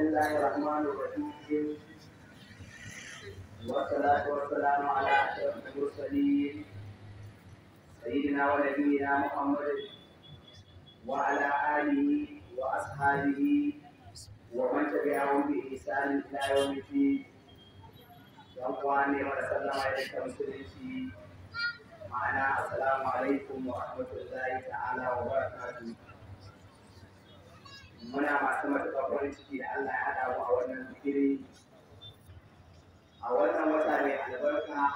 بسم الله الرحمن الرحيم والصلاة والسلام على أشرف المرسلين سيدنا ونبينا محمد وعلى آله وأصحابه ومن تبعهم بإحسان إلى يوم الدين yankwani wa sallama da musulunci ma'ana assalamu alaikum wa rahmatullahi ta'ala wa barakatuh muna masu matuƙar farin ciki da Allah ya haɗa a wannan zikiri a wannan wata mai albarka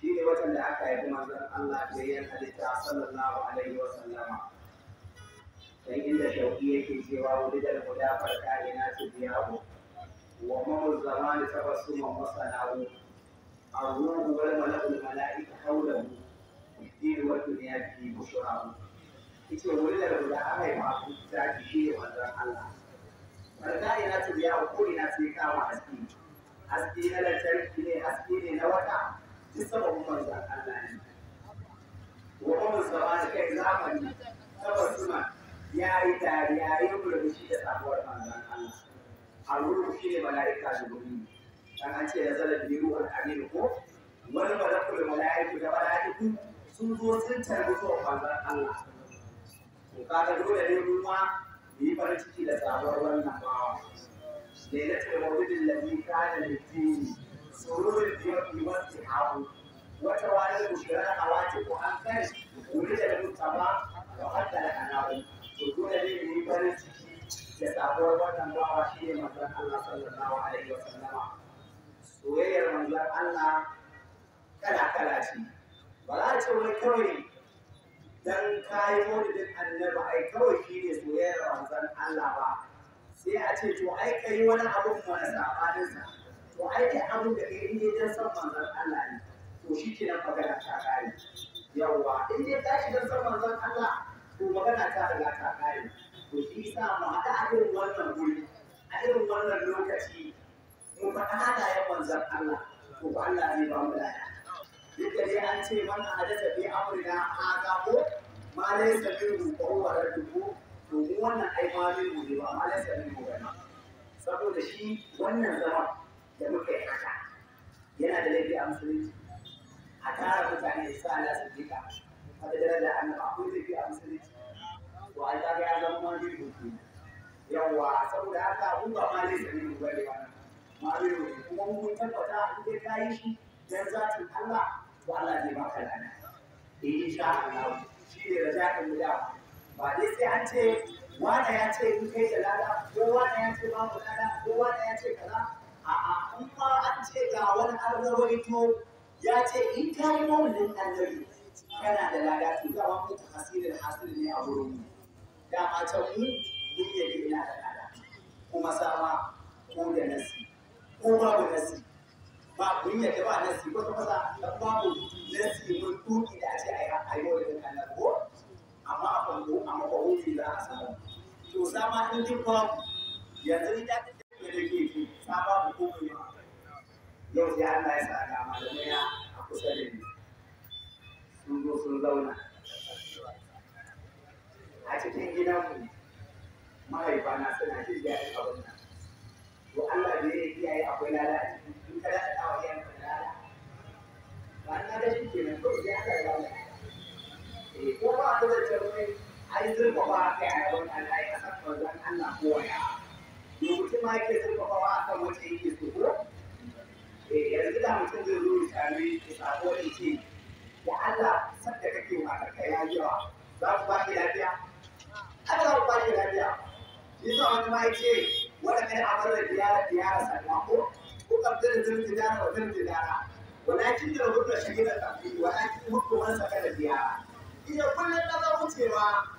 shi ne watan da aka haifi manzon Allah da ya halitta sallallahu alaihi wa sallama dan inda shauki yake cewa wuri da guda farka ina su biyawo wa mamu zamani tabassuman masanawo الروح والملك الملائكة حوله الدين والدنيا في بشرى. إذا ولد الولد أمر معه الزاكي شيء وأدرك Allah? barka ina ce ya ko ina sai kama haske haske na lantarki ne haske ne na wata duk sababin manzon Allah ne wa zama da kai zamani saboda suna ya yi tari ya yi murmushi da sabuwar manzon Allah haruru shi ne mala'ika da gumi dan an ce ya zala biyu al-amir ko wani malakul mala'iku da mala'iku sun zo sun tarbi zuwa manzon Allah to kaga dole ne ruwa yi farin ciki da samuwar wannan bawa lailatul maulidin ladhi kana lidini sururul biyadi wastihabu wata wani kushira a wace ko an kai wuri da mutaba da hatta da anawi to dole ne yi farin ciki da samuwar wannan bawa shi ne manzon Allah sallallahu alaihi wasallama soyayyar manzon Allah kala kala ce ba za a ce wani kawai dan kayi maulidin annaba ai kawai shi ne soyayyar manzon Allah ba sai a ce to ai kai wani abu na sabanin sa to ai kai abin da kai ne dan san manzon Allah ne to shi ke nan magana ta kai yawa in dai ka shiga san manzon Allah to magana ta daga ta kai to shi sa mu haɗa a irin wannan guri a irin wannan lokaci mu faɗa halayen manzon Allah to Allah ne ba mu lada ya da dai an ce man hadasa bi amrina ma laisa minhu fa huwa radduhu to wannan ai ne ba saboda shi wannan zama da muka yi yana da laifi a musulunci a tara mutane da sa Allah su a da daraja annabi akwai laifi a musulunci to ai kaga ya zama ma yawa saboda haka abun ba ma laisa minhu ba ne ba ma kuma mun tabbata in dai ka yi shi dan zatin Allah to Allah zai baka lana insha Allah shi ne raja'in da ba dai sai an ce wane ya ce in kai da lada ko wane ya ce babu lada ko wane ya ce kaza a'a in ma an ce ga wani alzawaito ya ce in ka yi mawulin annabi kana da lada to ga wani mutum hasirin hasirin ne a wurin mu dama can mu mun yadda ina da lada kuma sama ko da nasi ko babu nasi ba mun yadda ba nasi ko wata kwata babu nasi સામાન્ય દીકરો yanzu ita ta tafiye da ke sabon hukumar yau yau sai Allah ya sa ga malamai a kusa da ni sun zo sun zauna a cikin gidanmu mahaifa na suna jin daɗin abin nan to Allah da ya kiyaye akwai lala a cikin in ka da tsawa yan ka lala ba na da shi kenan to sai Allah ya lala ko ba ku da tarwai ai zurfa ba ka yi abin Allah Allah kowa ya mutum ma yake zurfafawa a kan wata yake so ko eh, yanzu da mutum zai zo ya same ya sako da ce ya Allah sadda kake wa karka ya yawa za ku ba ki lafiya Allah za ku ba ki lafiya sa wani ma yake wani kai da diyara diyara sannan ko ko kabdar zurfi dara wa zurfi dara walakin da rubuta shagirar tafi walakin hukumar saka da diyara idan kullum na za wucewa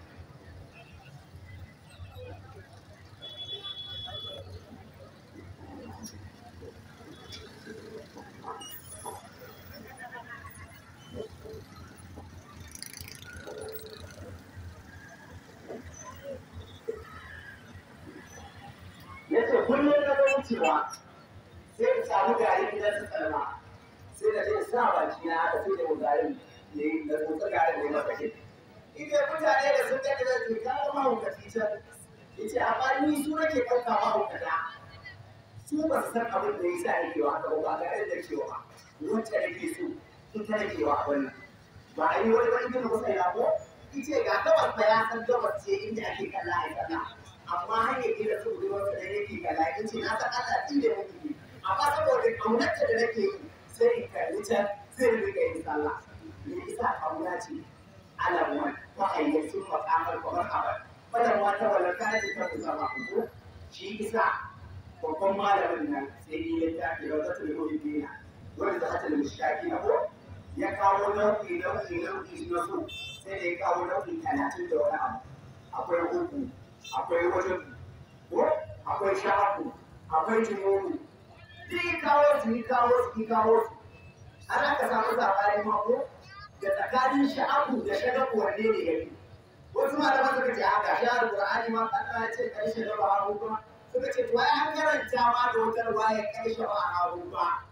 cewa sai ka samu gari gidan su tsarma sai ka ce suna baki na haka sai da mu da yi da tsotsar garin da ya maka ke ita mutane da sun ga da ke kawo mahaukaci can yace amma ni su nake ɗauka mahaukata su ba su san abin da ya sa yake wa haka ba ga yadda cewa wacce yake so ita yake wa wannan ba a yi wani wani gina musa ya ko ice ga gabas ba ya san gabas ce inda ake kalla a yi amma hanyar gida saboda wata da nake ga lakin ce na san Allah din da nake yi amma saboda kaunarta da nake yi sai in kalli ta zai riga yin sallah me yasa kauna ce alamu ta hanyar sun makamar kamar abar wannan wata wala ta ce ta kusa ba ku shi isa babban malamin nan sai ni ya tafi ta wata tulmi dina wanda za ta da mushaki na ko ya kawo nau'i nau'i nau'i na so sai da ya kawo nau'i talatin da wani abu akwai uku akwai wajen ko akwai shafu akwai timoru zai kawo su yi kawo su yi kawo su ana ka samu sabani mako da tsakanin sha'abu da shagar wanne ne gari? wasu malaman suka ce haka shi har qur'ani ma kana ce kai shagabu a hukuma suka ce to ai an karanta ma da wutar ruwaya kai shagabu a hukuma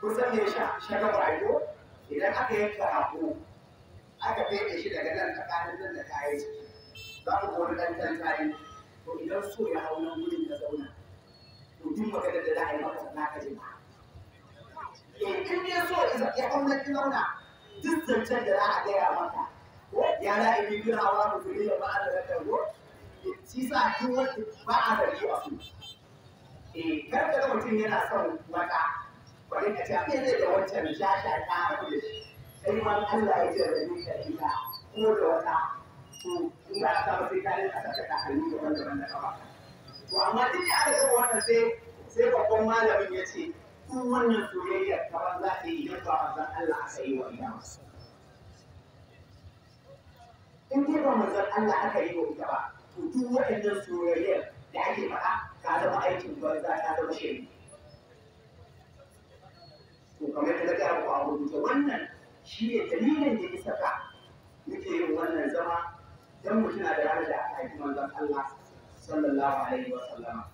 kusan ne shagabu a idan aka yanka haku aka fede shi daga nan tsakanin nan da kayan ciki za mu kori ɗan ɗan kayan to idan so ya hau nan gudun da zauna to duk maganar da za a yi maka za ka je ba eh, in dai so ya hau nan zauna duk zancen da za a gaya maka ya za a yi biyu hawa da zuri da ba a da zakar go eh, shi sa duk wanda ba a da biyu a su eh kar ka ga mutum yana son waka Wani ka ce a kai zai da wancan shasha ta haɗu da shi sai ma Allah ya ce da duka ita ko da wata to in ba a kama sai kayan a saka daban-daban da kafa to amma duk da aka gaba wannan sai sai babban malamin ya ce kun wannan soyayyar kaban za ta yi idan ba zan Allah aka yi wa ita in dai ba manzon Allah aka yi wa ita ba to duk waɗannan soyayyar da ake faɗa ta zama aikin za ta zama shiri to kamar yadda ga ku a rubuce wannan shi ne dalilin da ya saka muke yin wannan zama dan mutum na da ranar da aka haifi manzon Allah sallallahu alaihi wa sallama